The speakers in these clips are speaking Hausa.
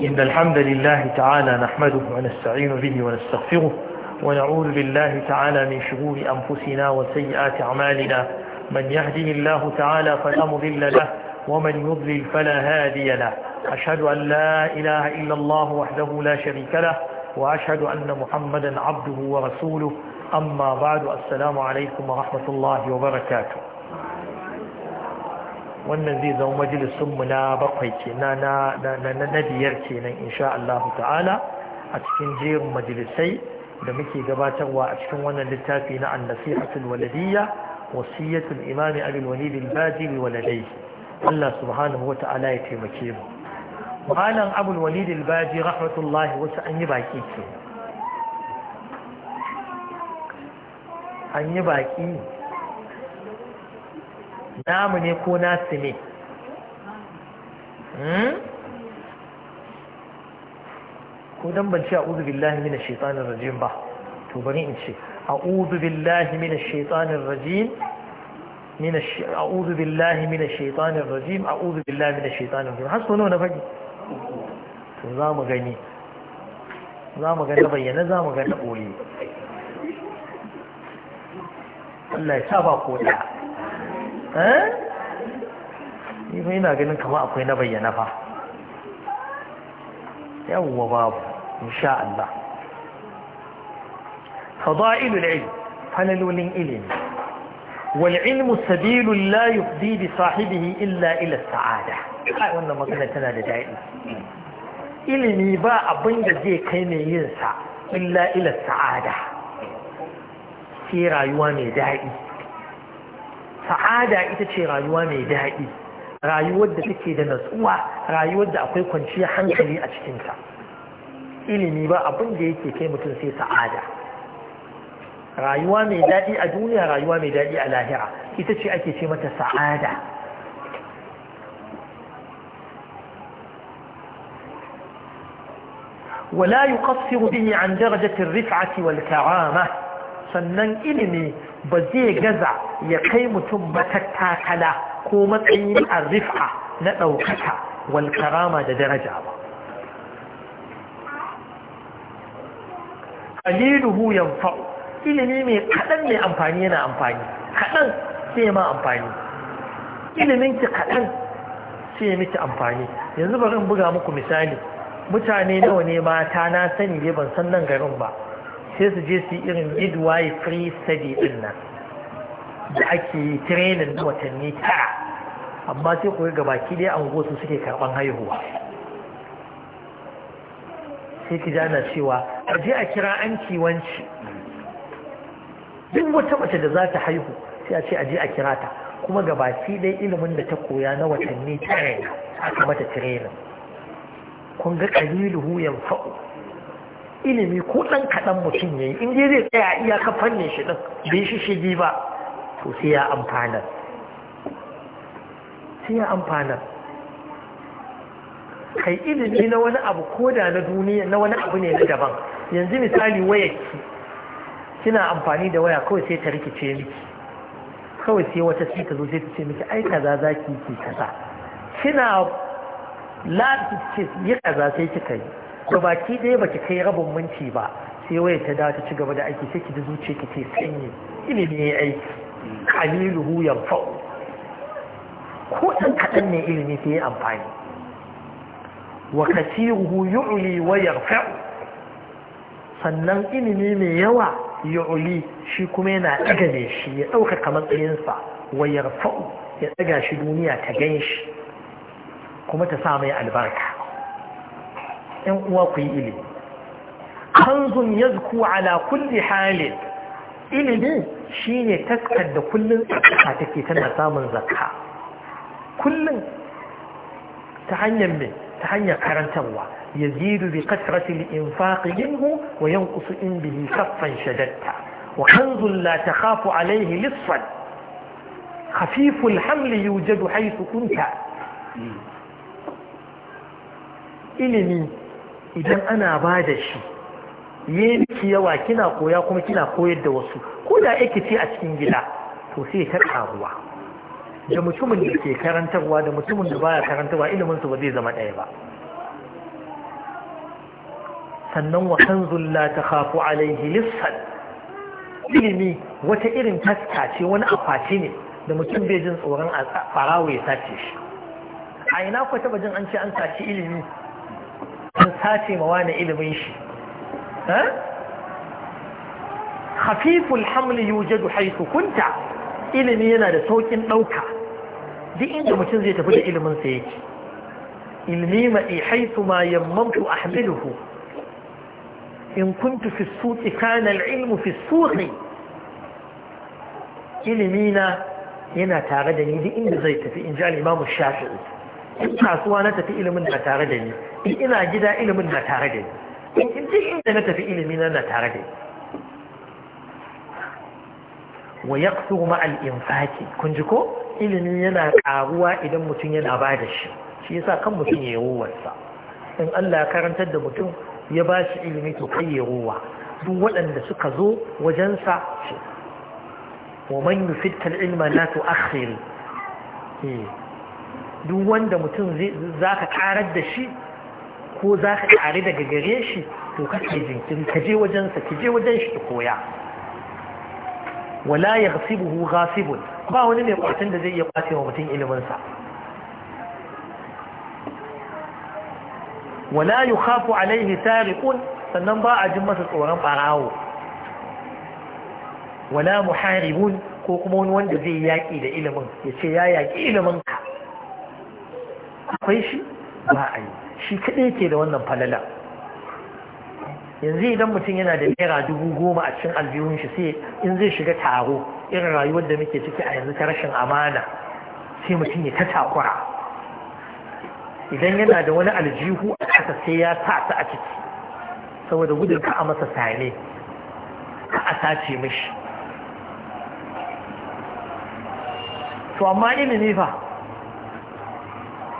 إن الحمد لله تعالى نحمده ونستعين به ونستغفره ونعوذ بالله تعالى من شرور أنفسنا وسيئات أعمالنا من يهده الله تعالى فلا مضل له ومن يضلل فلا هادي له أشهد أن لا إله إلا الله وحده لا شريك له وأشهد أن محمدا عبده ورسوله أما بعد السلام عليكم ورحمة الله وبركاته wannan zai zama majalisunmu na bakwai ke na biyar kenan insha Allah ta'ala a cikin jerin majalisai da muke gabatarwa a cikin wannan littafi na annasihatul waladiyya wasiyatul imami abul walid al-bajili waladai Allah subhanahu wa ta'ala ya taimake mu malam abul walid baji rahmatullahi wasu an yi baki ke. an yi baki namu ne ko nasu ne hmm? ko dan ban ce a'udhu billahi minash shaitanir rajim ba to bari in ce a'udhu billahi minash shaitanir rajim minash a'udhu billahi minash shaitanir rajim a'udhu billahi minash shaitanir rajim har sono na fage to za mu gani za mu gani bayyana za mu gani ɓoye Allah ya sa ba ko da Eh? ni fa ina ganin kama akwai na bayyana fa yawwa babu insha Allah fada'ilul ilm fanalolin ilimi wal ilmu sabilul la yufdi bi sahibihi illa ila sa'ada kai wannan magana tana da daɗi ilimi ba abin da zai kai mai yin sa illa ila sa'ada sai rayuwa mai daɗi sa'ada ita ce rayuwa mai daɗi rayuwar da take da natsuwa rayuwar da akwai kwanciyar hankali a cikinta ilimi ba abin da yake kai mutum sai sa'ada rayuwa mai daɗi a duniya rayuwa mai daɗi a lahira ita ce ake ce mata sa'ada ولا يقصر به عن درجة الرفعة والكرامة sannan ilimi ba zai gaza ya kai mutum matattakala ko matsayin arrifa na ɗaukaka wal karama da daraja ba yan fa’o, ilimi mai kaɗan mai amfani yana amfani kaɗan sai ma amfani ilimin ki kaɗan sai miki amfani yanzu bari buga muku misali mutane nawa ne mata na sani ban san nan garin ba sai su je su irin midway free study din nan da ake yi training na watanni tara amma sai ku ga baki dai an su suke karban haihuwa sai ki jana cewa a je a kira an kiwanci duk wata mace da za ta haihu sai a ce a je a kira ta kuma ga baki dai ilimin da ta koya na watanni tara aka mata training kun ga kaliluhu yanfa'u ilimi ko ɗan kaɗan mutum ya yi in dai zai tsaya iya ka fannin shi ɗin bai shi shigi ba to sai ya amfana sai ya amfanar kai ilimi na wani abu ko da na duniya na wani abu ne na daban yanzu misali wayarki kina amfani da waya kawai sai ta rikice miki kawai sai wata sai ta zo sai ta ce miki ai kaza za ki yi kaza kina la ce yi kaza sai kika yi ko baki ɗaya baki kai rabin minti ba sai waya ta da ta ci gaba da aiki sai ki da zuciya ki ce sanyi ilimi ya aiki kaliluhu yanfa'u ko ɗan kaɗan ne ilimi sai ya amfani wa kasiruhu yu'li wa yarfa'u sannan ilimi mai yawa yu'li shi kuma yana ɗaga ne shi ya ɗaukaka matsayinsa wa yarfa'u ya ɗaga shi duniya ta gan shi kuma ta sa mai albarka ‘yan uwa ku yi ilimi kanzun ya zuku ala kulli halin ilimi shi ne taskar da kullum tsaka take tana samun zakka kullum ta hanyar mai ta hanyar karantarwa ya zidu bi kasratil infaqi minhu wa yanqusu in bihi kaffan shadatta wa kanzun la takhafu alayhi lisfan khafiful الحمل يوجد حيث كنت ilimi idan ana ba da shi yi miki yawa kina koya kuma kina koyar da wasu ko da yake ce a cikin gida to sai ta karuwa da mutumin da ke karantarwa da mutumin da baya karantarwa ilimin su ba zai zama ɗaya ba sannan wa kanzul la takhafu alaihi lissan ilimi wata irin taska ce wani akwati ne da mutum bai jin tsoron a farawo ya sace shi a ina ko taba jin an ce an sace ilimi sace ma wani ilimin shi khafiful hamli yujadu haythu kunta ilimi yana da saukin dauka duk inda mutum zai tafi da ilimin sa yake ilmi ma haythu ma yammamtu ahmiluhu in kuntu fi suqi kana al-ilmu fi suqi ilimi na yana tare da ni duk inda zai tafi in ji al-imam shafi'i kasuwa na tafi ilimin na tare da ni in ina gida ilimin na tare da ni in duk inda na tafi ilimin na tare da ni wa yaqsu ma al infaqi kun ji ko ilimi yana karuwa idan mutum yana ba da shi shi yasa kan mutum ya ruwarsa in Allah ya karantar da mutum ya ba shi ilimi to kai ya ruwa duk waɗanda suka zo wajensa shi wa man yufitta al ilma la tu'akhir eh. duk wanda mutum za ka karar da shi ko za ka ƙari daga gare shi to kake jinkirin ka je wajensa ki je wajen shi koya wala ya ghasibuhu ghasibun ba wani mai kwatin da zai iya kwace wa mutum iliminsa wala yukhafu alaihi sariqun sannan ba a jin masa tsoron barawo wala muharibun ko kuma wani wanda zai yaƙi da ilimin ya ce ya yaƙi ilimin ka akwai shi ba a yi shi kaɗai ke da wannan falala yanzu idan mutum yana da naira dubu goma a cikin aljihun shi sai in zai shiga taro irin rayuwar da muke ciki a yanzu ta rashin amana sai mutum ya ta takura idan yana da wani aljihu a kasa sai ya sa ta a ciki saboda gudun ka a masa sane ka a sace mishi to amma ilimi fa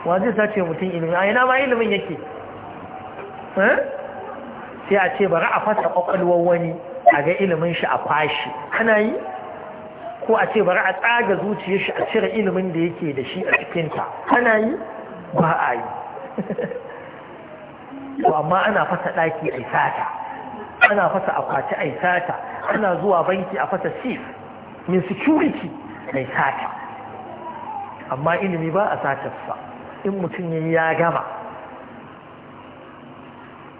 wa zai sace mutum ilimi a yana ma ilimin yake eh? sai a ce bari a fasa kwakwalwar wani a ga ilimin shi a fashi kana yi ko a ce bari a tsaga zuciyar shi a cire ilimin da yake da shi a cikinta kana yi ba a yi to amma ana fasa ɗaki a sata ana fasa akwati a sata ana zuwa banki a fasa sif min security a sata amma ilimi ba a satarsa in mutum yayi ya gama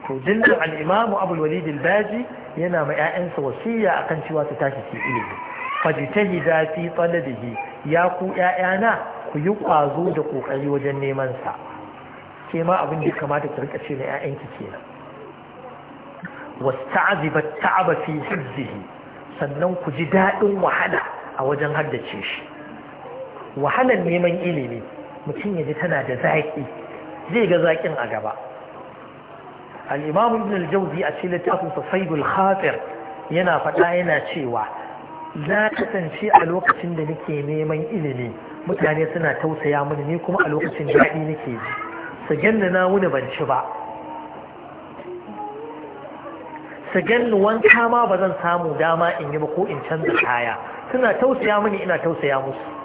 ku dinnan al-imamu abul baji yana ma 'ya'yansa wasiya kan cewa su tashi su ilimi fajtahida fi talabihi ya ku 'ya'yana ku yi kwazo da kokari wajen neman sa ke ma abin da ya kamata ki rika ce na 'ya'yanki kenan wasta'ziba ta'aba fi hizzihi sannan ku ji daɗin wahala a wajen haddace shi wahalar neman ilimi mutum ya ji tana da zaƙi zai ga zaƙin a gaba al'imamu ibn al-jauzi a cikin littafin safaidul khatir yana faɗa yana cewa na kasance a lokacin da nake neman ilimi mutane suna tausaya mini ni kuma a lokacin daɗi nake ji ganna na wuni ban ci ba sagen wanka ma ba zan samu dama in yi ba ko in canza kaya suna tausaya mini ina tausaya musu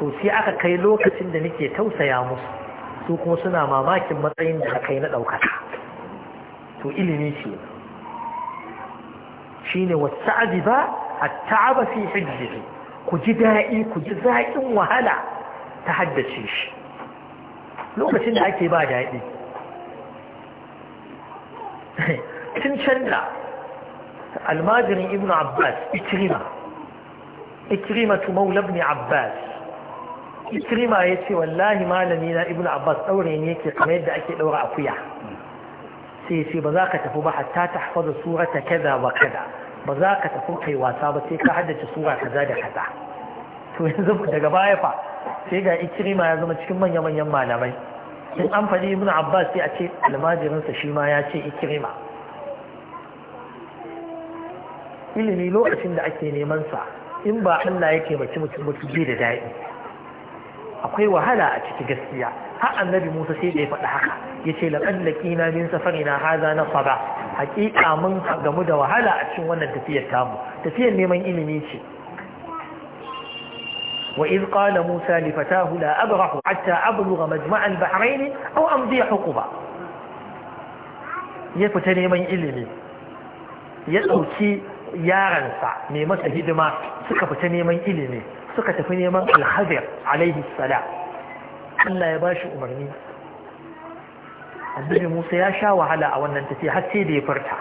to sai aka kai lokacin da nake tausaya musu su kuma suna mamakin matsayin da aka yi na ɗaukaka to ilimi ce shi ne wasu abi ba a ta'aba fi hijjiri ku ji daɗi ku ji zaƙin wahala ta haddace shi lokacin da ake ba daɗi tun canza almajirin ibn abbas ikirima ikirima tu maula abbas Ikirima ya ce wallahi malami na ibn abbas ɗaure ne yake kamar yadda ake ɗaura akuya sai ce ba za ka tafi ba hatta ta hafaza surata kaza ba kaza ba za ka tafi kai wasa ba sai ka haddace sura kaza da kaza to yanzu daga baya fa sai ga Ikirima ya zama cikin manya manyan malamai in an faɗi ibn abbas sai a ce almajirinsa shi ma ya ce Ikirima. ilimi lokacin da ake neman sa in ba Allah yake mace mutum mutum da daɗi akwai wahala a ciki gaskiya har annabi Musa sai da ya faɗi haka yace na laqina min haza na fara. haƙiƙa mun gamu da wahala a cikin wannan tafiyar tamu tafiyar neman ilimi ce wa iz qala Musa li fatahu la abrahu hatta ablugha majma' al-bahrayn aw amdi huquba ya fita neman ilimi ya dauki yaransa mai masa hidima suka fita neman ilimi suka tafi neman alhazir alaihi sala Allah ya bashi umarni annabi Musa ya sha wahala a wannan tafiya har sai da ya furta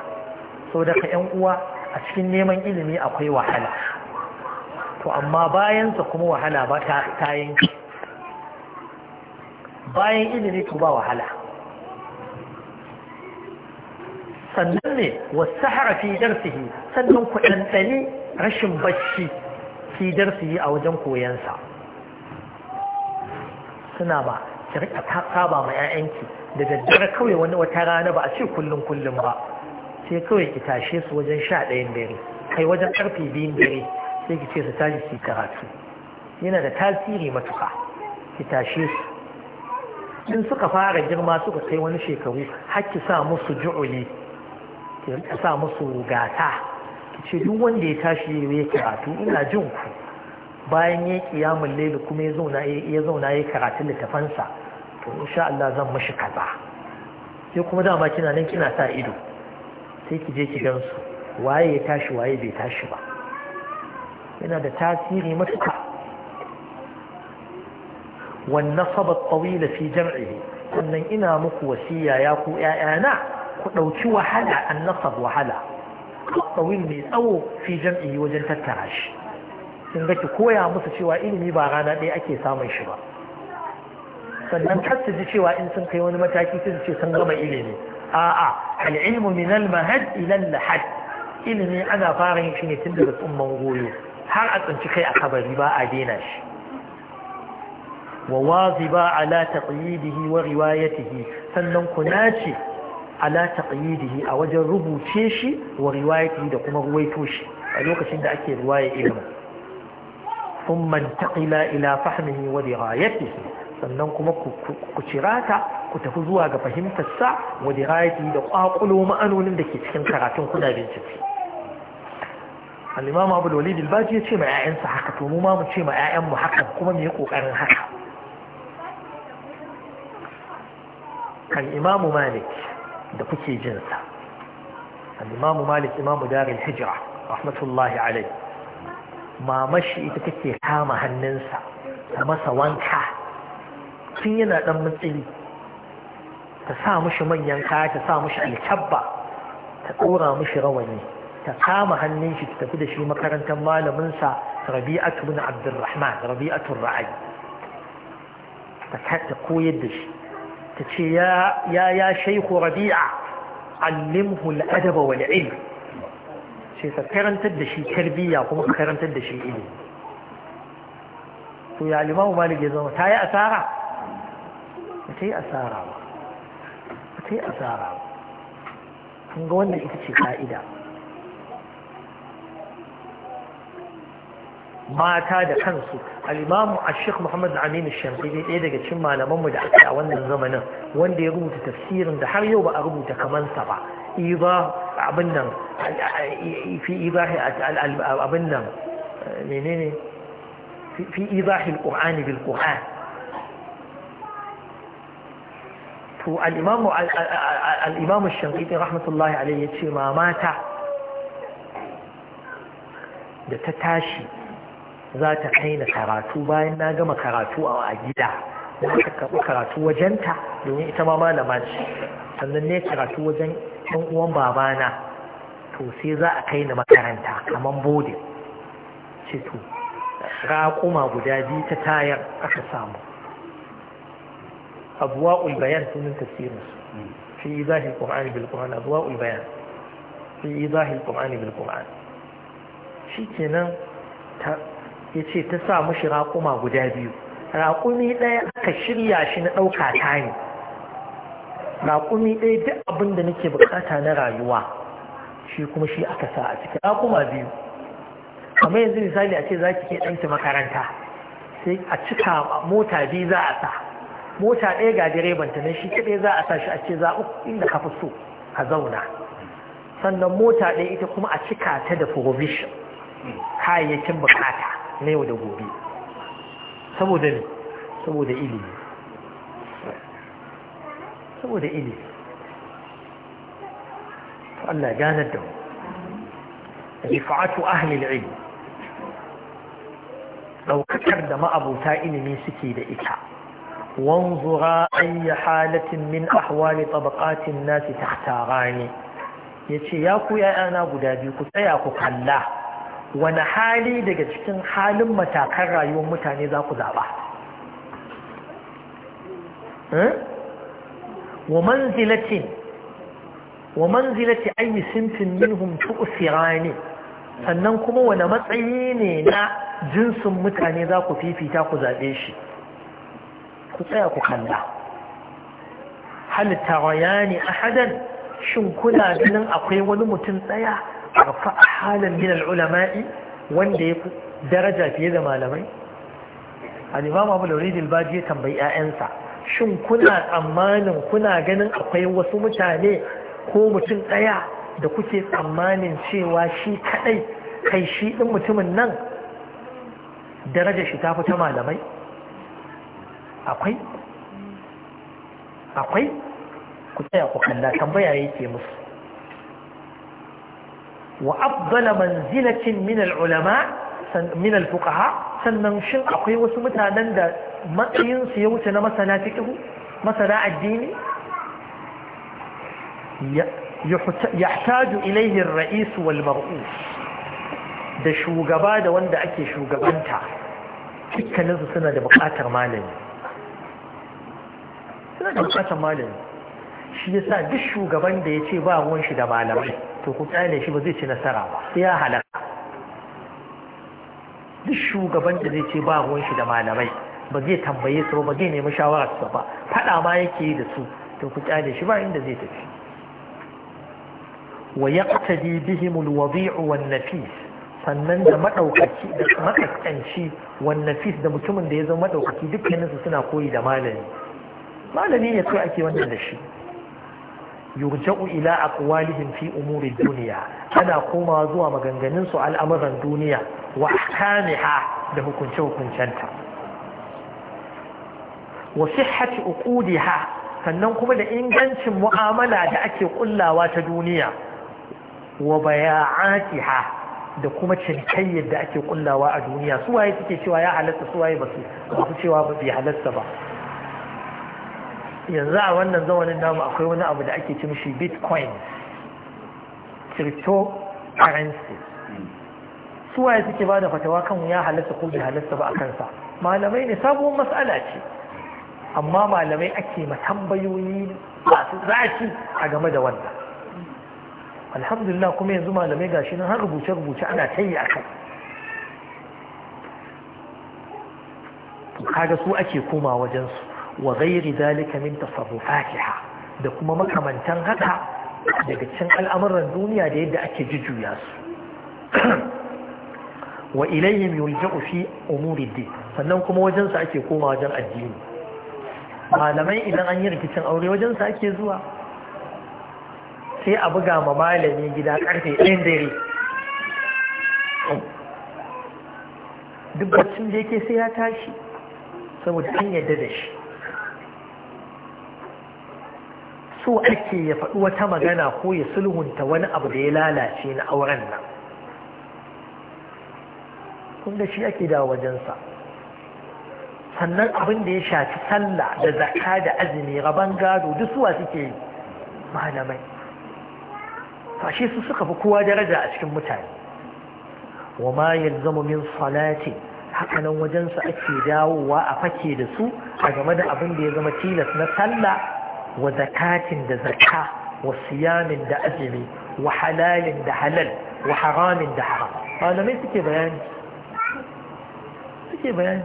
Sau ka ƴan uwa a cikin neman ilimi akwai wahala to amma bayansa kuma wahala ba ta yanki bayan ilimi to ba wahala sannan ne wasu harafi darsihi sannan ku ɗanɗani rashin bacci su yi a wajen koyansa suna ba ki rika saba ma 'ya'yanki da daddare kawai wani wata rana ba a ce kullum kullum ba sai kawai ki tashe su wajen sha ɗayan dare kai wajen ƙarfe biyun dare sai ki ce su tashi su karatu yana da tasiri matuka ki tashe su in suka fara girma suka kai wani shekaru har sa musu ju'uli ki sa musu gata ce duk wanda ya tashi ya karatu ina jin ku bayan ya kiyamun laili kuma ya zauna ya zauna ya karatu littafansa to insha Allah zan mashi kaza sai kuma dama kina nan kina sa ido sai ki je ki gan su waye ya tashi waye bai tashi ba yana da tasiri matuka wannan sabat tawila fi jam'ihi sannan ina muku wasiya ya ku ƴaƴana ku ɗauki wahala an nasab wahala tsawil mai tsawo fi jam'i wajen tattara shi sun ga ki koya musu cewa ilimi ba rana ɗaya ake samun shi ba sannan kar ji cewa in sun kai wani mataki sun ce sun gama ilimi a'a al'ilmu min al-mahad ila al-lahad ilimi ana fara yin shi ne tun daga tsumman goyo har a tsinci kai a kabari ba a dena shi wa waziba ala taqyidihi wa riwayatihi sannan ku ce. ala taqyidihi a wajen rubuce shi wa riwayati da kuma ruwaito shi a lokacin da ake riwaya ilimi ثم ila إلى فهمه ودرايته sannan kuma ku cirata ku tafi zuwa ga fahimtarsa sa wadda da kwakulo ma'anonin da ke cikin karatun kuna bincike al'imam abu da walid albaji ya ce ma 'ya'yansa haka to mu ma mu ce ma 'ya'yanmu haka kuma mu yi kokarin haka imamu malik da kuke jinsa al'imamu malik imamu darin hijira rahmatullahi alai mamashi ita take kama hannunsa ta masa wanka tun yana ɗan matsili ta sa mushi manyan kaya ta sa mushi alkyabba ta ɗora mushi rawani ta kama hannun shi ta tafi da shi makarantar malaminsa rabi'atu bin abdurrahman rabi'atu ra'ayi ta koyar da shi ta ce ya ya shaiku rabi'a allimhu al'adaba wal ilm sai ka karantar da shi tarbiyya kuma ka karantar da shi ilimi to ya limamu malik ya zama ta yi asara ba ta yi asara ba ba ta yi asara ba kun ga wannan ita ce ka'ida mata da kansu al'imamu a sheikh muhammad aminu shamfi ɗaya daga cikin malamanmu da aka a wannan zamanin wanda ya rubuta tafsirin da har yau ba a rubuta kamansa ba iba abin nan fi ibahi abin nan menene fi ibahi al-qur'ani bil qur'an to al-imamu al-imamu shamfi rahmatullahi ya ce ma mata da ta tashi za ta kai na karatu bayan na gama karatu a gida na karɓi karatu wajenta domin ita ma malama ce sannan ne karatu wajen ɗan uwan babana to sai za a kai na makaranta kamar bode ce to raƙuma guda biyu ta tayar aka samu abuwa ulbayan sunan tasirin fi izahi ƙur'ani bil ƙur'an abuwa ulbayan fi izahi ƙur'ani bil ƙur'an shi kenan ta ya ce ta sa mashi raƙuma guda biyu raƙumi ɗaya aka shirya shi na ɗauka ta ne raƙumi ɗaya duk abin da nake bukata na rayuwa shi kuma shi aka sa a cikin raƙuma biyu kamar yanzu misali a ce za ki ke ɗanki makaranta sai a cika mota biyu za a sa mota ɗaya ga direban ta ne shi kaɗai za a sa shi a ce za inda ka fi so ka zauna sannan mota ɗaya ita kuma a cika ta da provision kayayyakin bukata na yau da gobe saboda ne saboda ilimi saboda ilimi to Allah ganar da mu rifa'atu ahli ilm daukakar da ma'abuta ilimi suke da ita wanzura ayi halatin min ahwali tabaqatin nasi tahtarani yace ya ku ya'ana guda biyu ku tsaya ku kalla wani hali daga cikin halin matakan rayuwar mutane za ku zaɓa eh? wa manzilatin wa manzilati ayi sinfin minhum tu'sirani sannan kuma wani matsayi ne na jinsin mutane za ku fifita ku zaɓe shi ku tsaya ku kalla halitta rayani ahadan shin kuna ganin akwai wani mutum tsaya rafa halin min al-ulama'i wanda ya fi daraja fiye da malamai a ba abu laurid al ya tambayi yayansa shin kuna tsammanin kuna ganin akwai wasu mutane ko mutum ɗaya da kuke tsammanin cewa shi kadai kai shi ɗin mutumin nan daraja shi ta fita malamai akwai akwai ku tsaya ku kalla tambaya yake musu Wa وأفضل منزلة من العلماء من الفقهاء sannan shin akwai wasu mutanen da matsayinsu ya wuce na masana fiƙihu masana addini yahtaju ilaihi ar-ra'is wal mar'u da shugaba da wanda ake shugabanta dukkaninsu suna da buƙatar malami suna da buƙatar malami shi yasa duk shugaban da ya ce ba ruwan shi da malamai to ku kyale shi ba zai ci nasara ba ya halaka duk shugaban da zai ce ba ruwan shi da malamai ba zai tambaye su ba zai nemi shawarar su ba fada ma yake da su to ku kyale shi ba inda zai tafi wa yaqtadi bihim alwadi'u wan nafis sannan da madaukaki da makaskanci wan nafis da mutumin da ya zama madaukaki dukkaninsu suna koyi da malami malami ne kai ake wannan da shi yurja'u ila aqwalihim fi umuri duniya ana komawa zuwa maganganun su al'amuran duniya wa ahkamiha da hukunce hukuncenta wa sihhati uqudiha sannan kuma da ingancin mu'amala da ake kullawa ta duniya wa bay'atiha da kuma cinikayyar da ake kullawa a duniya su waye suke cewa ya halatta su waye ba su cewa ba bai halatta ba yanzu a wannan zamanin namu akwai wani abu da ake cin shi bitcoin crypto currency waye suke ba da fatawa kan ya halatta ko bai halatta ba a kansa malamai ne sabuwar matsala ce amma malamai ake matambayoyi masu zafi a game da wannan alhamdulillah kuma yanzu malamai gashi nan har rubuce-rubuce ana ta yi a kai kaga su ake koma wajensu wa ghairi zalika min tasarrufatiha da kuma makamantan haka daga cikin al'amuran duniya da yadda ake jujjuya su wa ilayhim yulja'u fi umuri din sannan kuma wajen sa ake koma wajen addini malamai idan an yi rikicin aure wajen sa ake zuwa sai a buga ma malami gida karfe ɗayan dare duk baccin da yake sai ya tashi saboda an yadda da shi so ake ya faɗi wata magana ko ya sulhunta wani abu da ya lalace na auren nan kun da shi ake da wajensa sannan abin da ya shafi sallah da zaka da azumi raban gado duk suwa suke malamai fashe su suka fi kowa daraja a cikin mutane wa ma yalzamu min salati hakanan wajensa ake dawowa a fake da su a game da abin da ya zama tilas na sallah wa zakatin da zakka wa siyamin da azumi wa halalin da halal wa haramin da haram malamai suke bayani suke bayani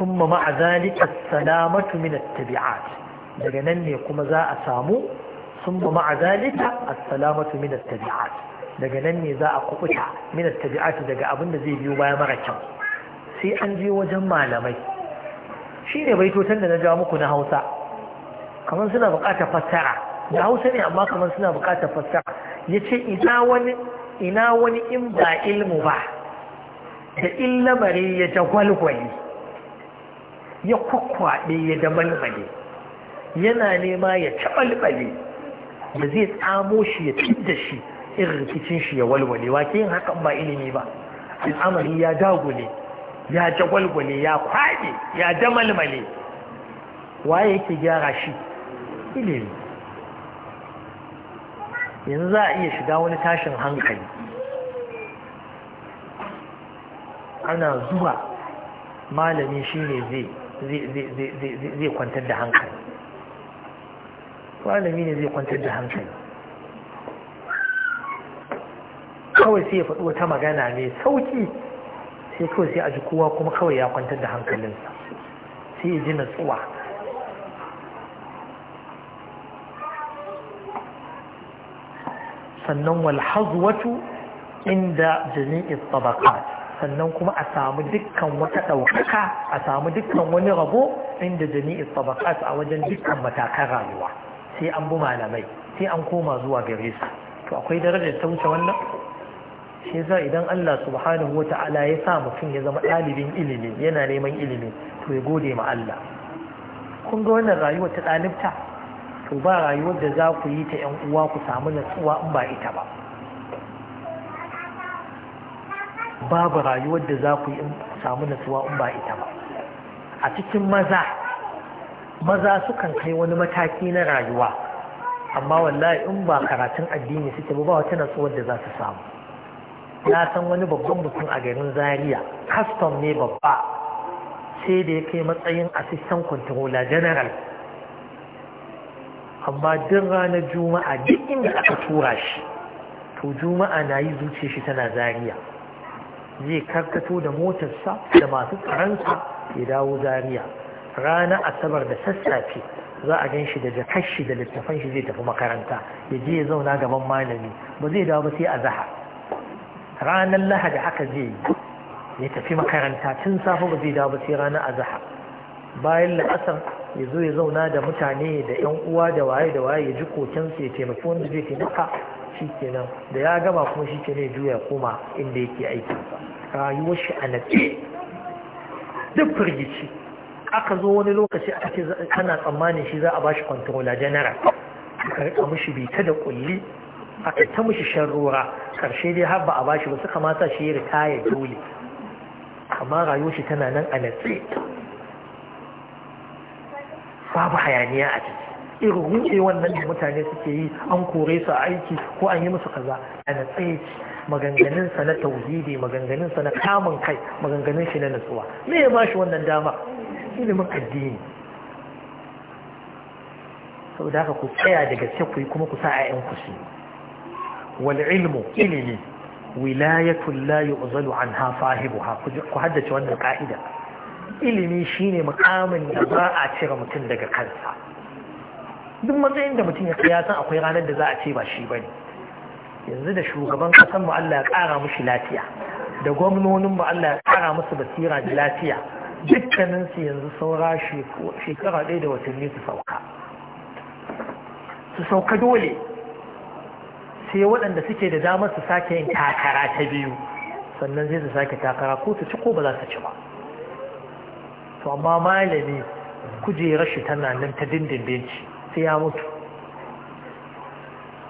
ثم مع ذلك السلامة من التبعات لجنني كما ذا أسامو ثم مع ذلك السلامة من التبعات لجنني ذا أقوتها من التبعات لجا أبن زي بيوبا مركب سي أنجي وجمع لمي شيني بيتو تند نجامك نهوسا kamar suna buƙatar fassara da hausa ne amma kamar suna buƙatar fassara ya ce ina wani in ba ilmu ba da lamari ya jagwalgwale ya kwakwaɗe ya damalmale yana nema ya caɓalɓale da zai tsamo shi ya fidda shi irin rikicin shi ya walwale wake yin hakan ba ilimi ba al'amari ya dagule ya jagwalgwale ya kwaɗe ya damalmale waye yake gyara shi ilimi yanzu za a iya shiga wani tashin hankali ana zuwa malami shi ne zai kwantar da hankali malami ne zai kwantar da hankali kawai sai ya faɗi wata magana mai sauki sai kawai sai a ji kowa kuma kawai ya kwantar da hankalinsa sai ya ji natsuwa sannan wal hazwatu inda jami'i tabaqat sannan kuma a samu dukkan wata ɗaukaka a samu dukkan wani rabo inda jami'i tabaqat a wajen dukkan matakan rayuwa sai an bi malamai sai an koma zuwa gare su to akwai darajar ta wuce wannan shi yasa idan Allah subhanahu wa ta'ala ya sa mutum ya zama ɗalibin ilimi yana neman ilimi to ya gode ma Allah kun ga wannan rayuwar ta ɗalibta to ba rayuwar da za ku yi ta ‘yan uwa ku samu natsuwa in ba ita ba babu rayuwar da za ku yi samu natsuwa in ba ita ba a cikin maza maza sukan kai wani mataki na rayuwa amma wallahi in ba karatun addini suke ba wata natsuwar da za su samu na san wani babban mutum a garin zaria custom ne babba sai da ya kai matsayin assistant controller general amma duk ranar juma'a duk inda aka tura shi to juma'a na yi zuciya shi tana zariya zai karkato da motarsa da masu karanta ya dawo zariya rana asabar da sassafe za a gan shi da jakar shi da littafan shi zai tafi makaranta ya je ya zauna gaban malami ba zai dawo ba sai a zaha ranar lahadi haka zai yi ya tafi makaranta tun safe ba zai dawo ba sai ranar a zaha bayan la'asar ya zo ya zauna da mutane da yan uwa da waye da waye ya ji kokin su ya taimaki wanda zai taimaka shi kenan da ya gama kuma shi kenan juya koma inda yake aiki rayuwar shi a natsi duk firgici aka zo wani lokaci a ce ana tsammanin shi za a bashi controller general aka rika mishi bita da kulli aka ta mishi sharrora karshe dai har ba a bashi ba suka mata shi ya ritaya dole amma rayuwar shi tana nan a natsi babu hayaniya a ciki irin wuce wannan da mutane suke yi an kore su a aiki ko an yi musu kaza a na tsaye maganganun sa na tauhidi maganganun sa na kamun kai maganganun shi na nutsuwa. me ya bashi wannan dama ilimin addini saboda haka ku tsaya daga gaske ku yi kuma ku sa ƴaƴan ku shi. wal ilmu ilimi wilayatul la yu'zalu anha fahibuha ku haddace wannan ka'ida ilimi shine mukamin da ba a cire mutum daga kansa duk matsayin da mutum ya kai ya san akwai ranar da za a ce ba shi bane yanzu da shugaban kasan mu Allah ya kara mushi lafiya da gwamnonin mu Allah ya kara musu basira da lafiya dukkanin su yanzu saura shekara ɗaya da watanni su sauka su sauka dole sai waɗanda suke da damar su sake yin takara ta biyu sannan zai su sake takara ko su ci ko ba za su ci ba to amma malami kujerar shi tana nan ta dindindin ci sai ya mutu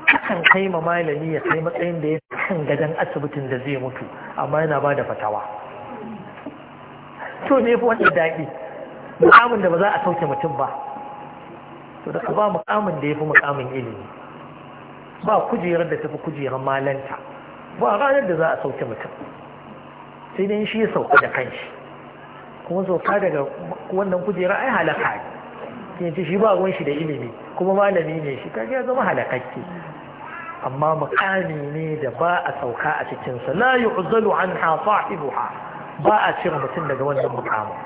kan kai ma malami ya kai matsayin da ya kan gadon asibitin da zai mutu amma yana ba da fatawa to ne fi wani daɗi mukamin da ba za a sauke mutum ba to da ba mukamin da ya fi mukamin ilimi ba kujerar da ta fi kujerar malanta ba ranar da za a sauke mutum sai dai shi ya sauka da kanshi kuma sauka daga wannan kujera ai halaka ne yanzu shi ba ruwan shi da ilimi kuma malami ne shi kaga ya zama halakakke amma mukami ne da ba a sauka a cikinsa la yu'zalu anha sahibuha ba a cire mutum daga wannan mukamin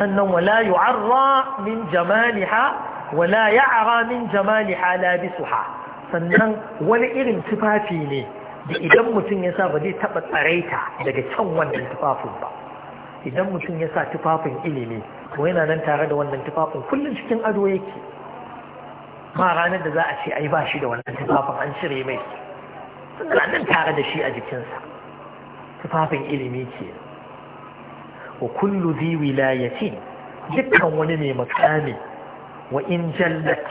sannan wala yu'arra min jamaliha wala ya'ra min jamaliha labisuha sannan wani irin tufafi ne da idan mutum ya sa ba zai taɓa tsaraita daga can wannan tufafin ba idan mutum ya sa tufafin ilimi to yana nan tare da wannan tufafin kullum cikin ado yake ma ranar da za a ce ai ba shi da wannan tufafin an cire mai suna nan tare da shi a jikinsa tufafin ilimi ke wa kullu zi wilayatin dukkan wani mai makami wa in jallat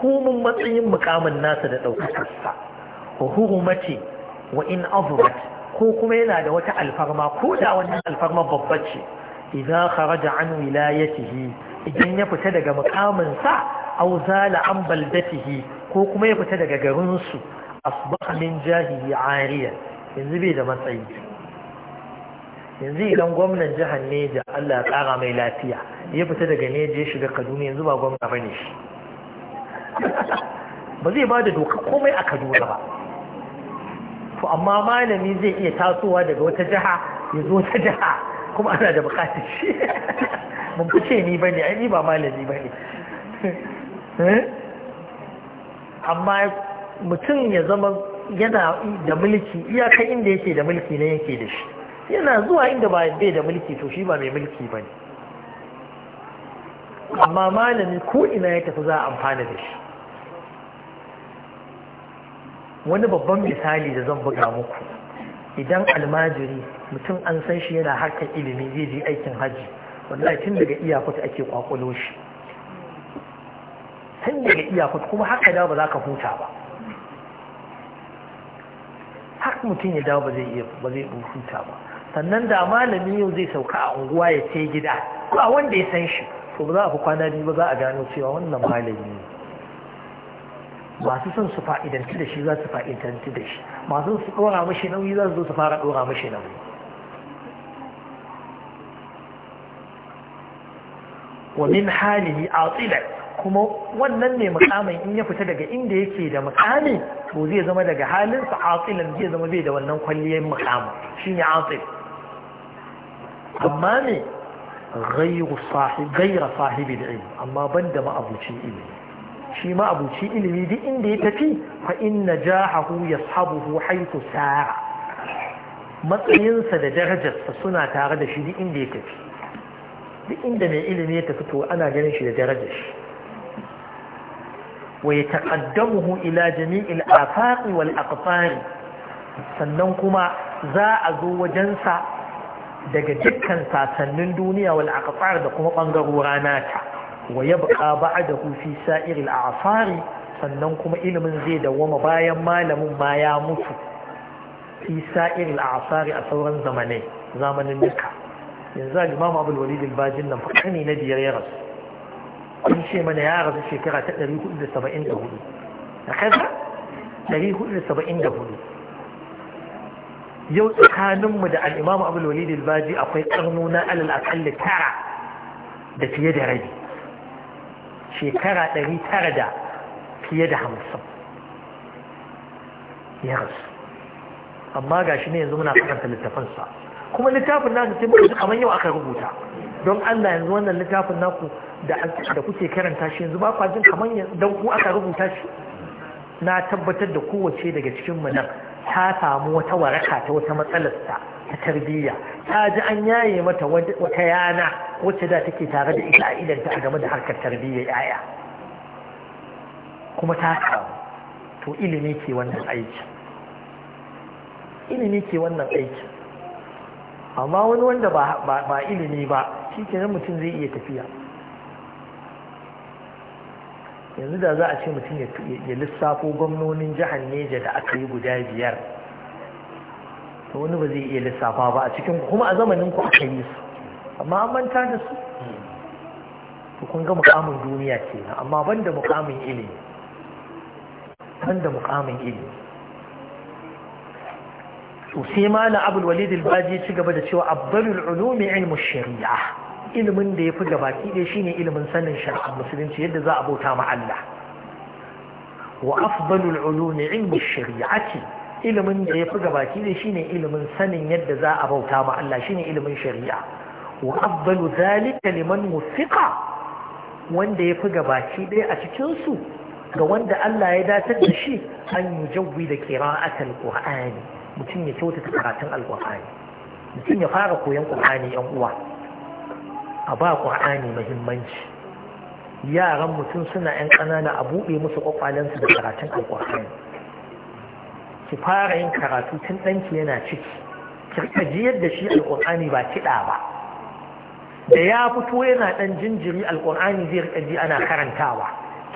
komin matsayin mukamin nasa da ɗaukakarsa wa hurumati wa in azumat ko kuma yana da wata alfarma ko da wannan alfarma babba ce idan kharaja an wilayatihi idan ya fita daga mukamin sa aw zala an baldatihi ko kuma ya fita daga garin su asbaha min jahili ariya yanzu bai da matsayi yanzu idan gwamnan jihar Neja Allah ya kara mai lafiya ya fita daga Neja ya shiga Kaduna yanzu ba gwamna bane shi ba zai ba da doka komai a Kaduna ba to amma malami zai iya tasowa daga wata jiha ya zo ta jiha kuma ana da bukatar shi mun fice ni bane ai ni ba malami bane eh? amma mutum ya zama yana da mulki iyakar inda yake da mulki ne yake da shi yana zuwa inda ba bai da mulki to shi ba mai mulki bane amma malami ko ina ya tafi za a amfana da shi wani babban misali da zan buga muku idan almajiri mutum an san shi yana harkar ilimi zai je aikin hajji wallahi tun daga iyakuta ake kwakwalo shi tun daga iyakuta kuma haka da ba za ka huta ba har mutum ya dawo ba zai iya ba zai huta ba sannan da malami yau zai sauka a unguwa ya ce gida ba wanda ya san shi to ba za a fi kwana biyu ba za a gano cewa wannan malami ne masu son su fa'idanci da shi za su fa'idanci da shi masu su ɗora mashi nauyi za su zo su fara ɗora mashi nauyi wa min halihi atila kuma wannan ne mukamin in ya fita daga inda yake da mukami to zai zama daga halin a atilan zai zama bai da wannan kwalliyar mukamin shine atil amma ne غير صاحب غير صاحب العلم أما بند ما أبو شيء shi ma abuci ilimi duk inda ya tafi fa inna jahahu yashabuhu haythu sa'a matsayinsa da darajarsa suna tare da shi duk inda ya tafi duk inda mai ilimi ya tafi to ana ganin shi da darajar shi wa yataqaddamuhu ila jami'il afaqi wal aqtari sannan kuma za a zo wajensa daga dukkan sasannin duniya wal aqtar da kuma bangarora nata wa ya yabqa ba'dahu fi sa'iril a'sari sannan kuma ilimin zai dawoma bayan malamin ma ya mutu fi sa'iril a'sari a sauran zamanai zamanin duka yanzu al-imam abul walid al-bajin nan fakani na biyar ya rasu kun ce mana ya rasu shekara ta 474 da kaza 474 yau tsakaninmu da al-imam abul walid al-baji akwai karnuna alal akalli tara da fiye da rabi shekara ɗari tara da fiye da hamsin ya rasu amma ga shi ne yanzu muna karanta littafansa kuma littafin nasu sai mutu kamar yau aka rubuta don Allah yanzu wannan littafin naku da kuke karanta shi yanzu ba kwa jin kamar dan ku aka rubuta shi na tabbatar da kowace daga cikin mu ta samu wata waraka ta wata matsalar ta tarbiyya ta ji an yaye mata wata yana wacce da take tare da ita a idanta a game da harkar tarbiyya yaya kuma ta kawo to ilimi ke wannan aiki ilimi ke wannan aiki amma wani wanda ba ilimi ba shi kenan mutum zai iya tafiya yanzu da za a ce mutum ya lissafo gwamnonin jihar neja da aka yi guda biyar to wani ba zai iya lissafa ba a cikin kuma a zamanin ku aka yi su amma an manta da su to kun ga mukamin duniya ke amma ban da mukamin ilimi ban da mukamin ilimi to sai malam abul walid al-baji ci gaba da cewa abdalul ulumi ilmu shari'a ilimin da ya yafi gabaki ɗaya shine ilimin sanin shari'a musulunci yadda za a bauta ma Allah wa afdalul ulumi ilmu shari'ati ilimin da ya fi gabaki ne shine ilimin sanin yadda za a bauta ma Allah shine ilimin shari'a wa afdalu zalika liman wufiqa wanda ya fi gabaki ɗaya a cikin su ga wanda Allah ya datar da shi an yi da qira'atul qur'ani mutum ya kyautata karatun alqur'ani mutum ya fara koyon qur'ani yan uwa a ba qur'ani muhimmanci yaran mutum suna yan ƙanana a buɗe musu kwakwalensu da karatun alqur'ani ki fara yin karatu tun ɗanki yana ciki kirka jiyar da shi alƙur'ani ba kiɗa ba da ya fito yana ɗan jinjiri alƙur'ani zai rika ji ana karantawa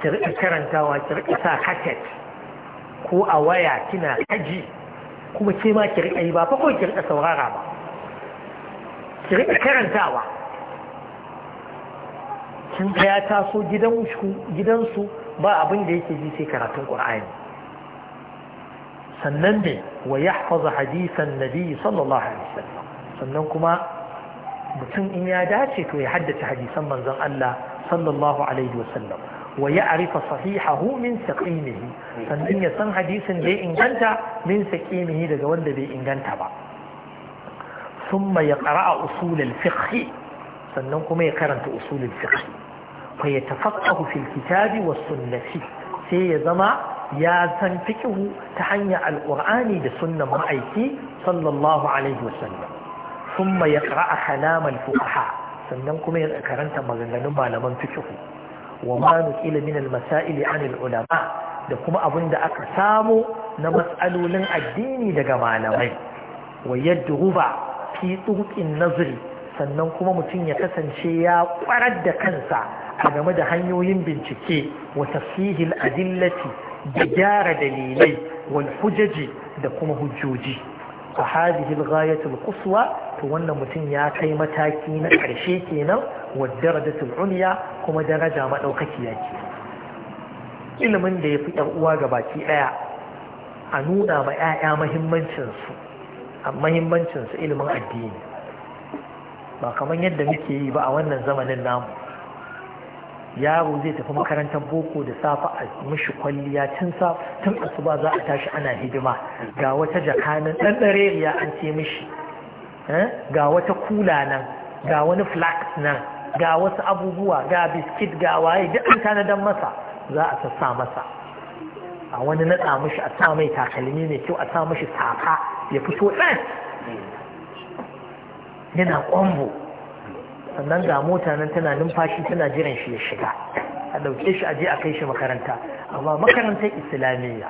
ki riƙa karantawa ki riƙa sa kaset ko a waya kina kaji kuma ke ma ki riƙa yi ba fa ki riƙa saurara ba ki riƙa karantawa kin ga ya taso gidansu ba abin da yake ji sai karatun ƙur'ani sannan ne wa ya hafaza hadisan nabi sallallahu alaihi wasallam sannan kuma mutum in ya dace to ya haddace hadisan manzon Allah sallallahu alaihi wasallam wa ya arifa sahihahu min saqimihi sannan ya san hadisin da ya inganta min saqimihi daga wanda bai inganta ba thumma ya qara'a usul al-fiqh sannan kuma ya karanta usul al-fiqh fa yatafaqahu fil kitabi was sunnati sai ya zama ya san fikihu ta hanyar alƙur'ani da sunnan ma'aiki sallallahu alaihi wasallam sun ma ya ƙara kalaman fuqaha sannan kuma ya karanta maganganun malaman fikihu wa ma nuqila min al-masail an al-ulama da kuma abin da aka samu na matsalolin addini daga malamai wa ruba fi turqin nazri sannan kuma mutum ya kasance ya kwarar da kansa a game da hanyoyin bincike wa tafsihil adillati da gyara dalilai wal hujaji da kuma hujjoji a hadhihi al ghayatul to wannan mutum ya kai mataki na ƙarshe kenan wa darajatul kuma daraja madaukakiya ke ilimin da ya fi ɗan uwa ga baki ɗaya a nuna ma 'ya'ya mahimmancinsu mahimmancinsu ilimin addini ba kamar yadda muke yi ba a wannan zamanin namu yaro zai tafi makarantar boko da safa a mishi kwalliya tun sa tun asuba za a tashi ana hidima ga wata jakanin dan ya an ce mishi eh, ga wata kula nan ga wani flax nan ga wasu abubuwa ga biskit ga waye duk an tanadan masa za a sassa masa a wani natsa mishi a sa mai takalmi mai kyau a sa mishi safa ya fito ɗan eh, yana ƙwambo sannan ga mota nan tana numfashi tana jiran shi ya shiga a ɗauke shi aje a kai shi makaranta amma makarantar islamiyya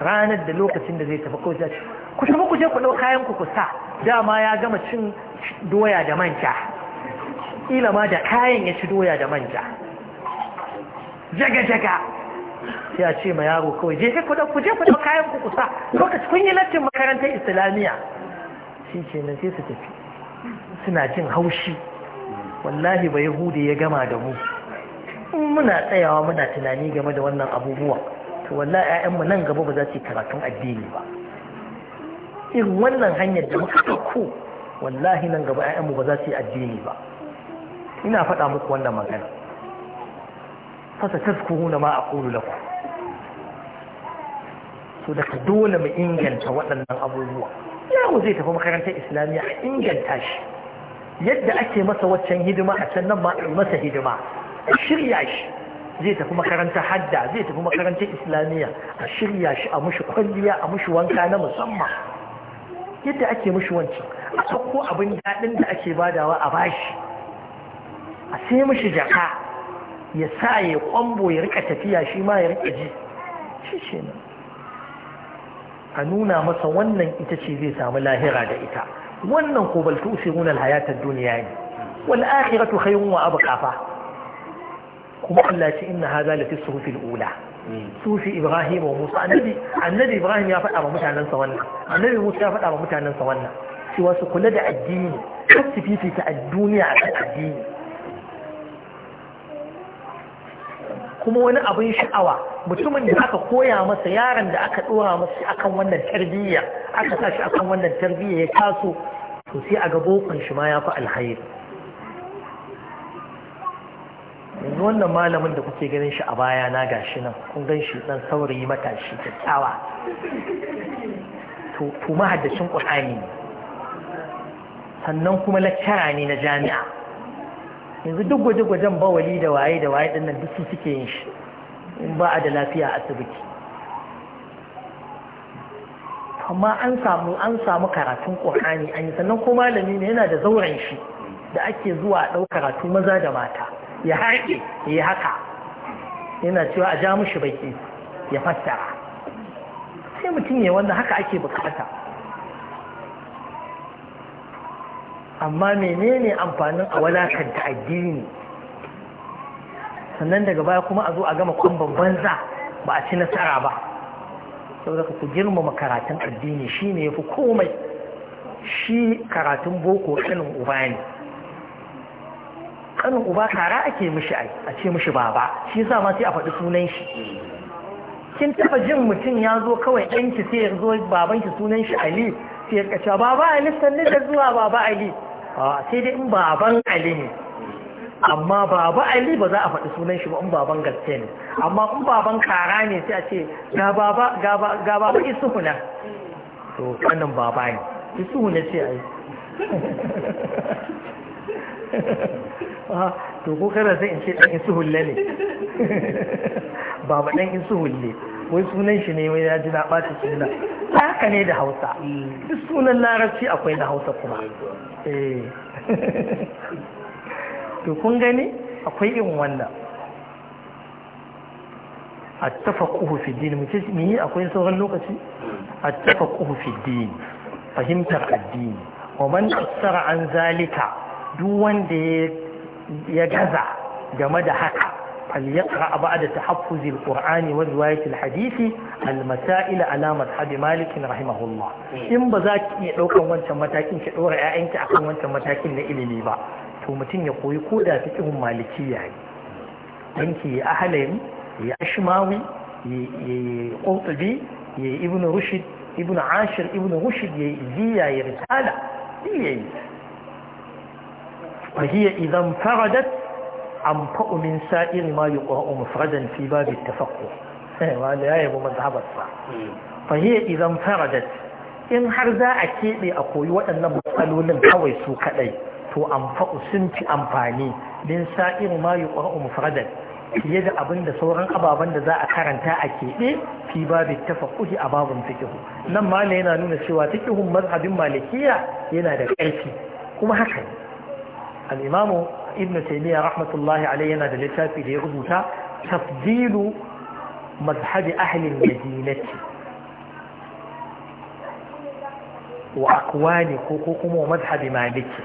ranar da lokacin da zai tafi kawai ku tafi ku je ku ɗau kayan ku sa dama ya gama cin doya da manja Ila ma da kayan ya ci doya da manja jaga jaga ya ce ma yaro kawai je ku kuɗa ku je ku ɗau kayan ku kusa lokacin kun yi lattin makarantar islamiyya shi ke nan sai su tafi suna jin haushi wallahi ba yahudi ya gama da mu muna tsayawa muna tunani game da wannan abubuwa to wallahi ƴaƴanmu nan gaba ba za su yi karatun addini ba irin wannan hanyar da muka ɗauko wallahi nan gaba ƴaƴanmu ba za su yi addini ba ina faɗa muku wannan magana fasa na ma a aqulu lakum to da dole mu inganta waɗannan abubuwa yaro zai tafi makarantar islamiyya a inganta shi yadda ake masa waccan hidima a can nan ma masa hidima a shirya shi zai tafi makarantar hadda zai tafi makarantar islamiyya a shirya shi a mushi kwalliya a mushi wanka na musamman yadda ake mushi wancan a sauko abin daɗin da ake badawa a bashi a sai mushi jaka ya sa ya kwambo ya rika tafiya shi ma ya rika ji shi ce a nuna masa wannan ita ce zai samu lahira da ita wannan ko bal tusiruna alhayata ad-dunya ne wal akhiratu khayrun wa abqa fa kuma Allah ce inna hadha la fi suhufil ula hmm. sufi ibrahim wa musa annabi annabi ibrahim ya faɗa wa mutanen sa wannan annabi musa ya faɗa wa mutanen sa wannan cewa su kula da addini kar su fifita ad a kan addini kuma wani abin sha'awa mutumin da aka koya masa yaron da aka dora masa akan wannan tarbiyya aka sa shi akan wannan tarbiyya ya taso to sai a ga bokon shi ma ya fi alhairi yanzu wannan malamin da kuke ganin shi a baya na gashi nan kun gan shi dan saurayi matashi kyakkyawa to to mahaddacin ne sannan kuma lakcara ne na jami'a yanzu duk gwaje-gwajen bawali da waye da waye nan duk su suke yin shi in ba a da lafiya a asibiti amma an samu an samu karatun ƙorani an yi sannan ko malami ne yana da zauren shi da ake zuwa ɗau karatu maza da mata ya harƙe ya yi haka yana cewa a ja mushi baki ya fassara sai mutum ya wannan haka ake bukata amma menene amfanin a walakanta addini sannan daga baya kuma a zo a gama kwamban banza ba a ci nasara ba saboda ku girmama karatun addini shi ne ya fi komai shi karatun boko kanin uba ne kanin uba kara ake mishi ai a ce mishi baba shi sa ma sai a faɗi sunan shi kin taɓa jin mutum ya zo kawai ɗanki sai ya zo baban shi sunan shi Ali sai ya kace baba Ali sannan da zuwa baba Ali a sai dai in baban Ali ne amma baba ali ba za a faɗi sunan shi ba in baban gaske ne amma in baban kara ne sai a ce ga baba ga baba isuhu na to kanin baba ne isuhu na ce yi ah, to ko kada sai in ce dan isuhulle ne baba dan isuhulle wai sunan shi ne wai ya ji na ɓaci suna haka ne da hausa mm. sunan larabci akwai na hausa kuma eh to kun gani akwai irin wannan a tafakuhu fi dini akwai sauran lokaci a tafakuhu fahimtar addini wa man tsara an zalika duk wanda ya gaza game da haka fal yaqra aba da tahaffuz alquran wa riwayat alhadith almasail ala madhhab malikin rahimahullah in ba za ki iya daukan wancan matakin ki dora ya'yanki akan wancan matakin na ilimi ba to mutum ya koyi ko da fiqhun malikiya ne danki ya ahlayin ya ashmawi ya qutbi ya ibn rushd ibn ashir ibn rushd ya ziya ya risala yayi فهي إذا انفردت أنفأ من سائر ما wa la yabu باب fa hiya idan faradat in har za a kebe a koyi أقول وأن kawai su سوكلي to amfa'u sun fi amfani din sa'iru ma yuqra'u mufradan fiye da abin da sauran ababen da za a karanta a keɓe fi tafa tafaqquhi a babun fikihu nan ma yana nuna cewa fikihun mazhabin malikiya yana da ƙarfi kuma haka al'imamu imamu ibn taymiyyah rahmatullahi alayhi yana da littafi da ya rubuta tafdilu mazhabi ahlin al-madinati wa akwani ko kuma mazhabi maliki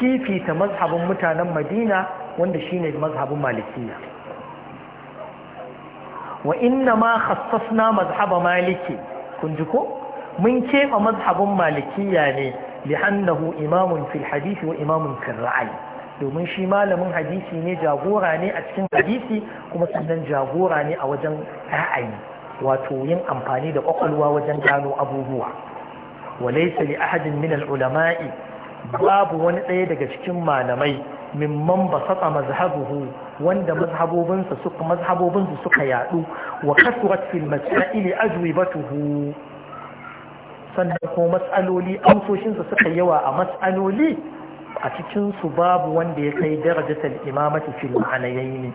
fifita mazhabin mutanen madina wanda shine mazhabin malikiya wa inna ma khassasna mazhaba maliki kun ji ko mun keɓe mazhabin malikiya ne lihannahu imamun fil hadisi wa imamun fil ra'ayi domin shi malamin hadisi ne jagora ne a cikin hadisi kuma sannan jagora ne a wajen ra'ayi wato yin amfani da kwakwalwa wajen gano abubuwa وليس لأحد من ulama'i babu wani ɗaya daga cikin malamai mimman basata mazhabuhu wanda mazhabobinsa suka mazhabobinsu suka yadu wa kasrat fil masail ajwibatuhu sannan ko mas'aloli amsoshinsu suka yawa a mas'aloli a cikinsu babu wanda ya kai darajatul imamati fil ma'anayaini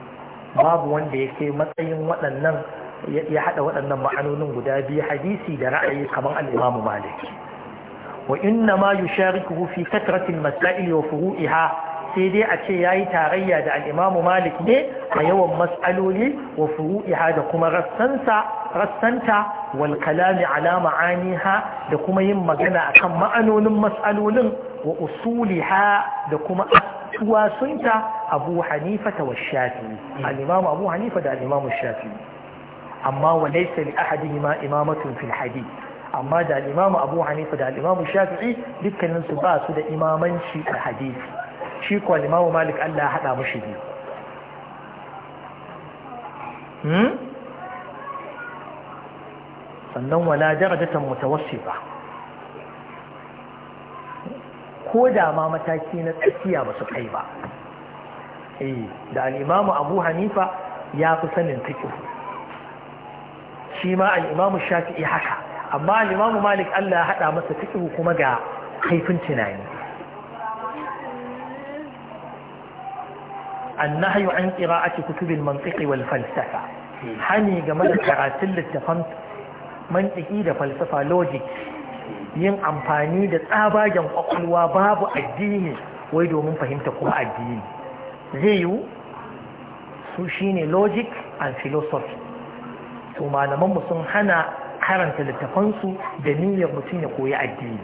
babu wanda ya kai matsayin waɗannan ya hada waɗannan ma'anonin guda biyu hadisi da ra'ayi kamar al-imamu maliki wa inna ma yusharikuhu fi katratil masail wa furu'iha sai dai a ce yayi tarayya da al-Imam Malik ne a yawan mas'aloli wa furu'iha da kuma rassansa rassanta wal kalami ala ma'aniha da kuma yin magana akan ma'anonin mas'alolin wa usuliha da kuma wasunta Abu Hanifa wa al-Imam Abu Hanifa da al-Imam Shafi'i amma wa laysa li ahadihima imamatun amma da al'imamu abu hanifa da al'imamu shafi'i dukkaninsu ba su da imamanci da hadisi shi kuwa limamu malik allah haɗa mashi biyu hmm? sannan wala darajatan ba ko da ma mataki na tsakiya ba su kai ba eh, da al'imamu abu hanifa ya fi sanin fiƙi shi ma al'imamu shafi'i haka amma limamu malik Allah ya haɗa masa fikihu kuma ga haifin tunani annahyu an qira'ati kutubil mantiqi wal falsafa hani game da karatun littafan mantiki da falsafa logic yin amfani da tsabagen kwakwalwa babu addini wai domin fahimta kuma addini zai yiwu su shine logic and philosophy to malamanmu sun hana karanta littafansu da niyyar mutum ya koyi addini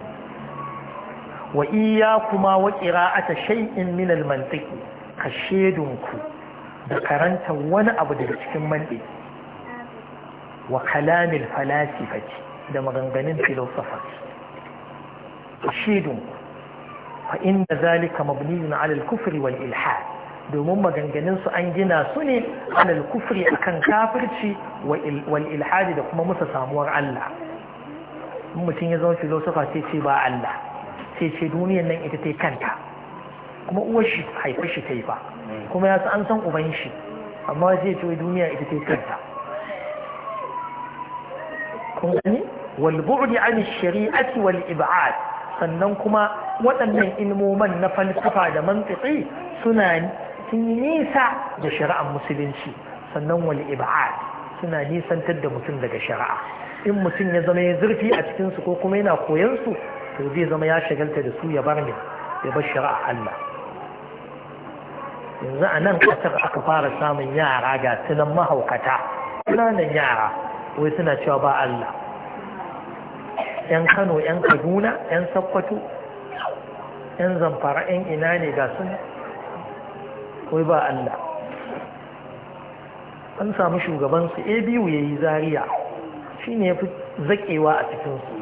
wa iya kuma wa ƙira'ata shay'in min al-mantiki ka shedunku da karanta wani abu daga cikin mandi wa kalamil falasifati da maganganun filosofas ka shedunku fa inda zalika mabniyun alal kufri wal ilhad domin maganganunsu an gina su ne alal kufri akan kafirci wal ilhadi da kuma musa samuwar Allah mutum ya zama filosofa sai ce ba Allah sai ce duniyar nan ita ta kanta kuma uwar shi haifar shi ta yi ba kuma ya an san uban shi amma sai ce duniya ita ta kanta kun gani wal bu'di an shari'ati wal ib'ad sannan kuma waɗannan ilmoman na falsafa da mantiki suna sun yi nisa da shari'ar musulunci sannan wal ib'ad suna nisantar da mutum daga shari'a in mutum ya zama ya zurfi a cikin su ko kuma yana koyan su to zai zama ya shagalta da su ya bar ya bar shari'a Allah yanzu a nan kasar aka fara samun yara ga sunan mahaukata ƙananan yara wai suna cewa ba Allah yan Kano yan Kaduna yan Sokoto yan Zamfara yan ina ne ga su. wai ba Allah an samu shugabansu a biyu ya yi zariya shi ne ya fi zaƙewa a cikinsu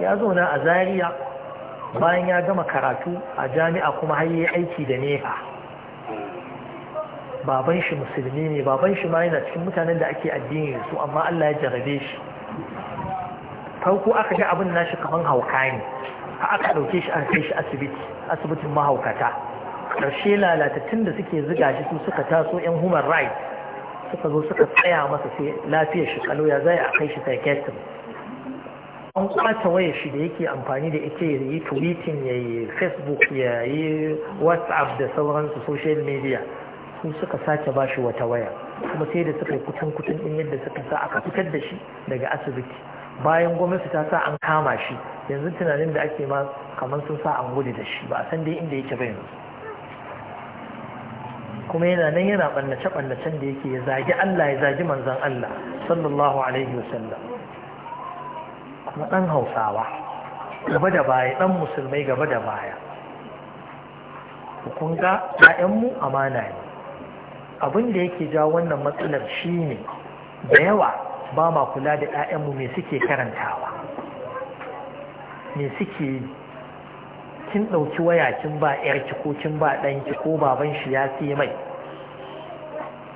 ya zauna a zariya bayan ya gama karatu a jami'a kuma har yi aiki da nefa. baban shi musulmi ne baban shi ma yana cikin mutanen da ake addini da su amma Allah ya jarabe shi farko aka ga abin nashi kamar hauka ne aka ɗauke shi an kai shi asibiti asibitin mahaukata ƙarshe lalatattun da suke ziga shi su suka taso 'yan human rights suka zo suka tsaya masa sai lafiyar shi kalo ya zai a kai shi psychiatrist an kwata wayar shi da yake amfani da ita ya yi tweeting ya yi facebook ya yi whatsapp da sauransu social media su suka sake ba shi wata waya kuma sai da suka yi kutun kutun din yadda suka sa aka fitar da shi daga asibiti bayan gwamnati ta sa an kama shi yanzu tunanin da ake ma kamar sun sa an gudu da shi ba a san dai inda yake ba yanzu kuma yana nan yana ɓannace ɓannacen da yake ya zagi Allah ya zagi manzan Allah sallallahu alaihi wasallam kuma ɗan hausawa gaba da baya ɗan musulmai gaba da baya hukunga ga ‘ya'yanmu amana ne abin da yake ja wannan matsalar shi ne da yawa ba ma kula da ‘ya'yanmu me suke karantawa me suke kin ɗauki waya kin ba yarki ko kin ba ɗanki ko baban shi ya sai mai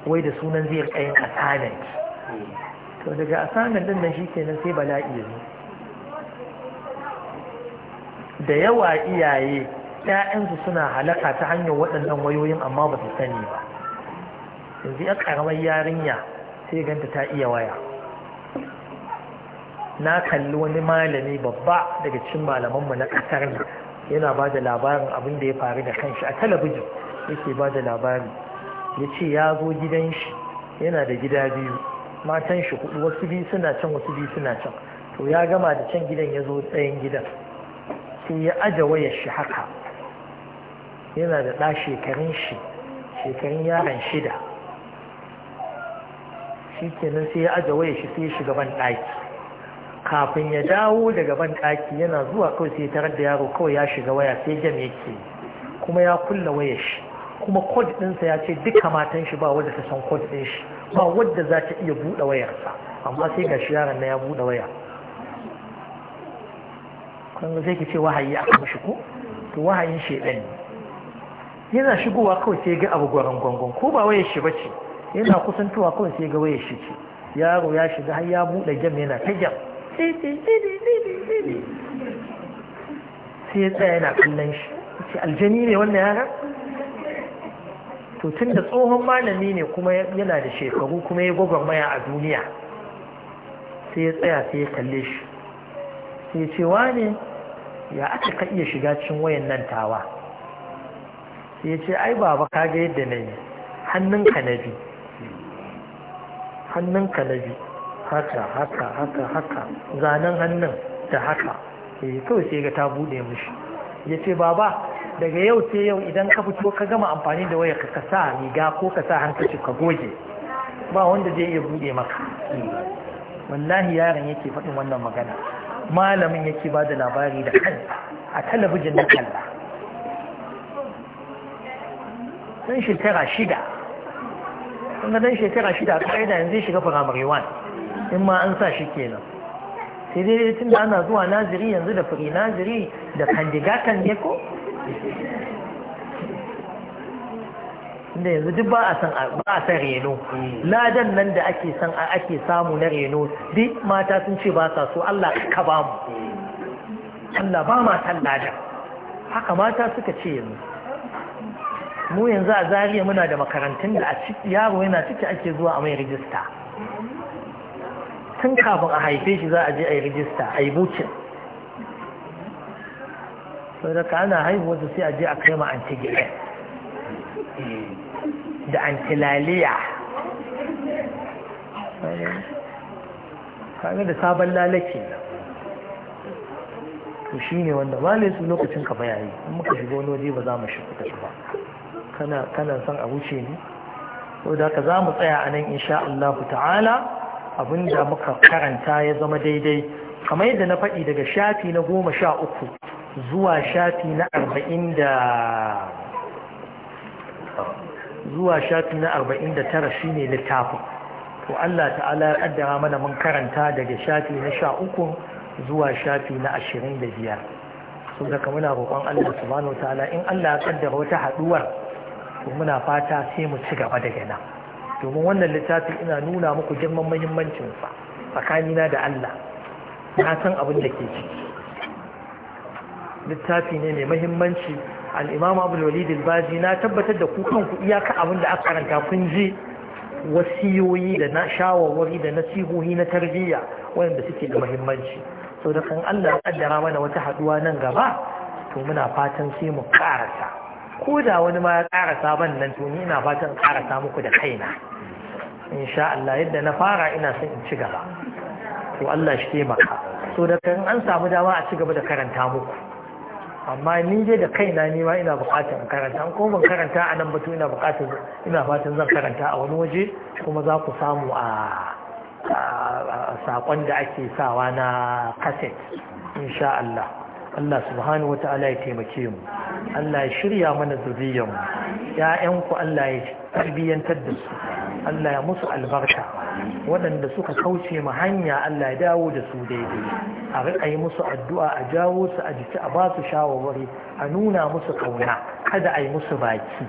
wai da sunan zai rika assignment to daga assignment ɗin nan shikenan sai bala'i ya da yawa iyaye ‘ya'yansu suna halaka ta hanyar waɗannan wayoyin amma ba su sani ba yanzu ya ƙaramar yarinya sai ganta ta iya waya na kalli wani malami babba daga cikin malamanmu na ƙasar yana ba da labarin abin da ya faru da kanshi a talabijin yake ba da labari ya ce ya zo gidan shi yana da gida biyu matan shi hudu wasu biyu suna can wasu biyu suna can to ya gama da can gidan ya zo tsayin gidan sai ya aje wayar shi haka yana da ɗa shekarun shi shekarun yaran shida shi kenan sai ya aje wayar shi sai ya shiga ban ɗaki kafin ya dawo daga ban ɗaki yana zuwa kawai sai tarar da yaro kawai ya shiga waya sai jam yake kuma ya kulla wayar shi kuma kod ɗinsa ya ce duka matan shi ba wadda ta san kod ɗin shi ba wadda za ta iya buɗe wayarsa amma sai ga shi yaron na ya buɗe waya kan zai ki ce wahayi a kan shi ko to wahayin shedan ne yana shigowa kawai sai ga abu gwaron gwangon ko ba wayar shi bace yana kusantowa kawai sai ga wayar shi ce yaro ya shiga har ya buɗe jam yana ta jam sai ya tsaya yana kallon shi ce aljani ne wannan yaran to tun da tsohon malami ne kuma yana da shekaru kuma ya gwagwarmaya a duniya sai ya tsaya sai ya kalle shi sai ya ce ne ya aka ka iya shiga cin wayan nan tawa sai ya ce ai baba ka ga yadda na yi ka na bi ka na bi haka haka haka haka zanen hannun da haka eh kawai sai ga ta bude mishi ya ce baba daga yau sai yau idan ka fito ka gama amfani da waya ka sa riga ko ka sa hankali ka goge ba wanda zai iya bude maka wallahi yaron yake faɗin wannan magana malamin yake ba da labari da kan a talabijin na kalla dan shekara shida kuma dan shekara shida a ƙa'ida yanzu shiga firamare 1 in ma an sa shi kenan sai dai dai tun da ana zuwa naziri yanzu da firi naziri da kandiga kan ne ko da yanzu duk ba a san ba a san reno ladan nan da ake san ake samu na reno duk mata sun ce ba sa so Allah ka ba mu Allah ba ma san ladan haka mata suka ce yanzu mu yanzu a zariya muna da makarantun da a yaro yana ciki ake zuwa a mai rijista tun kafin a haife shi za a je a yi rijista a yi bucin sau da ka ana wasu sai a je a kai ma antigilen da antilaliya kaga da sabon lalace to shi ne wanda ba su lokacin ka bayani in muka shiga wani waje ba za mu shiga su ba kana kana son a wuce ne da ka za mu tsaya a nan insha Allah ta'ala abin da muka karanta ya zama daidai kamar yadda na faɗi daga shafi na goma sha uku zuwa shafi na arba'in da zuwa shafi na arba'in da tara shi ne littafin to Allah ta'ala ya ƙaddara mana mun karanta daga shafi na sha uku zuwa shafi na ashirin da biyar sun daga muna roƙon Allah subhanahu ta'ala in Allah ya ƙaddara wata haɗuwar to muna fata sai mu ci gaba daga nan domin wannan littafi ina nuna muku girman muhimmancinsa tsakanina da Allah na san abin da ke ciki littafi ne mai muhimmanci al'imamu abu walid al na tabbatar da ku kanku iyaka abin da aka karanta kun ji wasiyoyi da na shawarwari da nasihohi na tarbiyya wanda suke da muhimmanci sau da kan Allah ya kaddara mana wata haduwa nan gaba to muna fatan sai mu karasa ko da wani ma ya ƙara sabon nan tuni ina fatan ƙarasa muku da kaina sha Allah yadda na fara ina son in ci gaba to Allah shi ke maka so da kan an samu dama a ci gaba da karanta muku amma ni dai da kaina ni ma ina buƙatar karanta an ban karanta a nan batu ina buƙatar ina fatan zan karanta a wani waje kuma za ku samu a sakon da ake sawa na kaset insha Allah Allah subhanahu wa ta'ala ya taimake mu Allah ya shirya mana zuriyar mu ƴaƴanku Allah ya tarbiyyantar da su Allah ya musu albarka waɗanda suka kauce ma hanya Allah ya dawo da su daidai a riƙa yi musu addu'a a jawo su a jiki a ba su shawarwari a nuna musu kauna kada a yi musu baki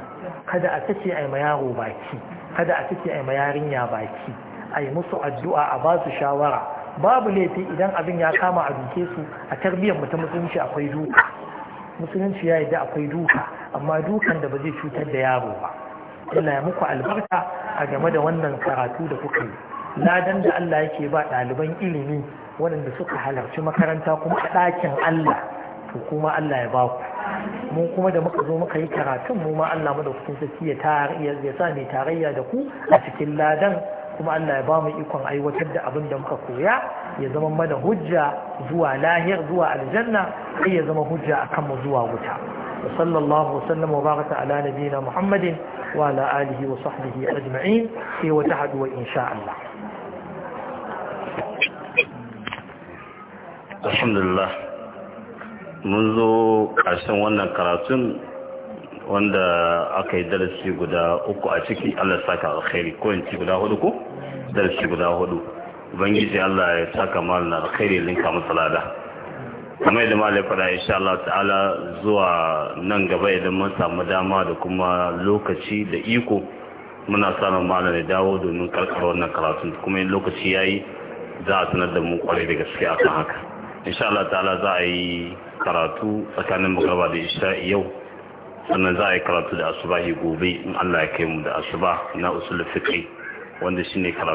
kada a tace a yi ma yaro baki kada a tace a yi ma yarinya baki a yi musu addu'a a ba su shawara babu laifi idan abin ya kama a duke su a tarbiyyar mutum musulunci akwai duka musulunci ya yadda akwai duka amma dukan da ba zai cutar da yaro ba Allah ya muku albarka a game da wannan karatu da kuka yi ladan da Allah yake ba ɗaliban ilimi waɗanda suka halarci makaranta kuma a ɗakin Allah to kuma Allah ya ba ku mu kuma da muka zo muka yi karatun mu ma Allah da sarki ya ya sa ni tarayya da ku a cikin ladan kuma Allah ya ba mu ikon aiwatar da abin da muka koya ya zama mana hujja zuwa lahiyar zuwa aljanna sai ya zama hujja akan mu zuwa wuta wa sallallahu wasallam wa baraka ala nabiyina muhammadin wa ala alihi wa sahbihi ajma'in sai wata haduwa insha Allah alhamdulillah mun zo ƙarshen wannan karatun wanda aka yi darasi guda uku a ciki Allah saka alkhairi ko in ci guda hudu ko darshi guda hudu ubangiji Allah ya saka mal na alkhairi linka masa lada kamar yadda malai fara insha Allah ta'ala zuwa nan gaba idan mun samu dama da kuma lokaci da iko muna samun malam ya dawo domin karkar wannan karatu kuma yin lokaci yayi za a sanar da mu kwarai da gaske akan haka insha Allah ta'ala za a yi karatu tsakanin magarba da isha'i yau sannan za a yi karatu da asuba gobe in Allah ya kai mu da asuba na usul fiqh wanda shine karatu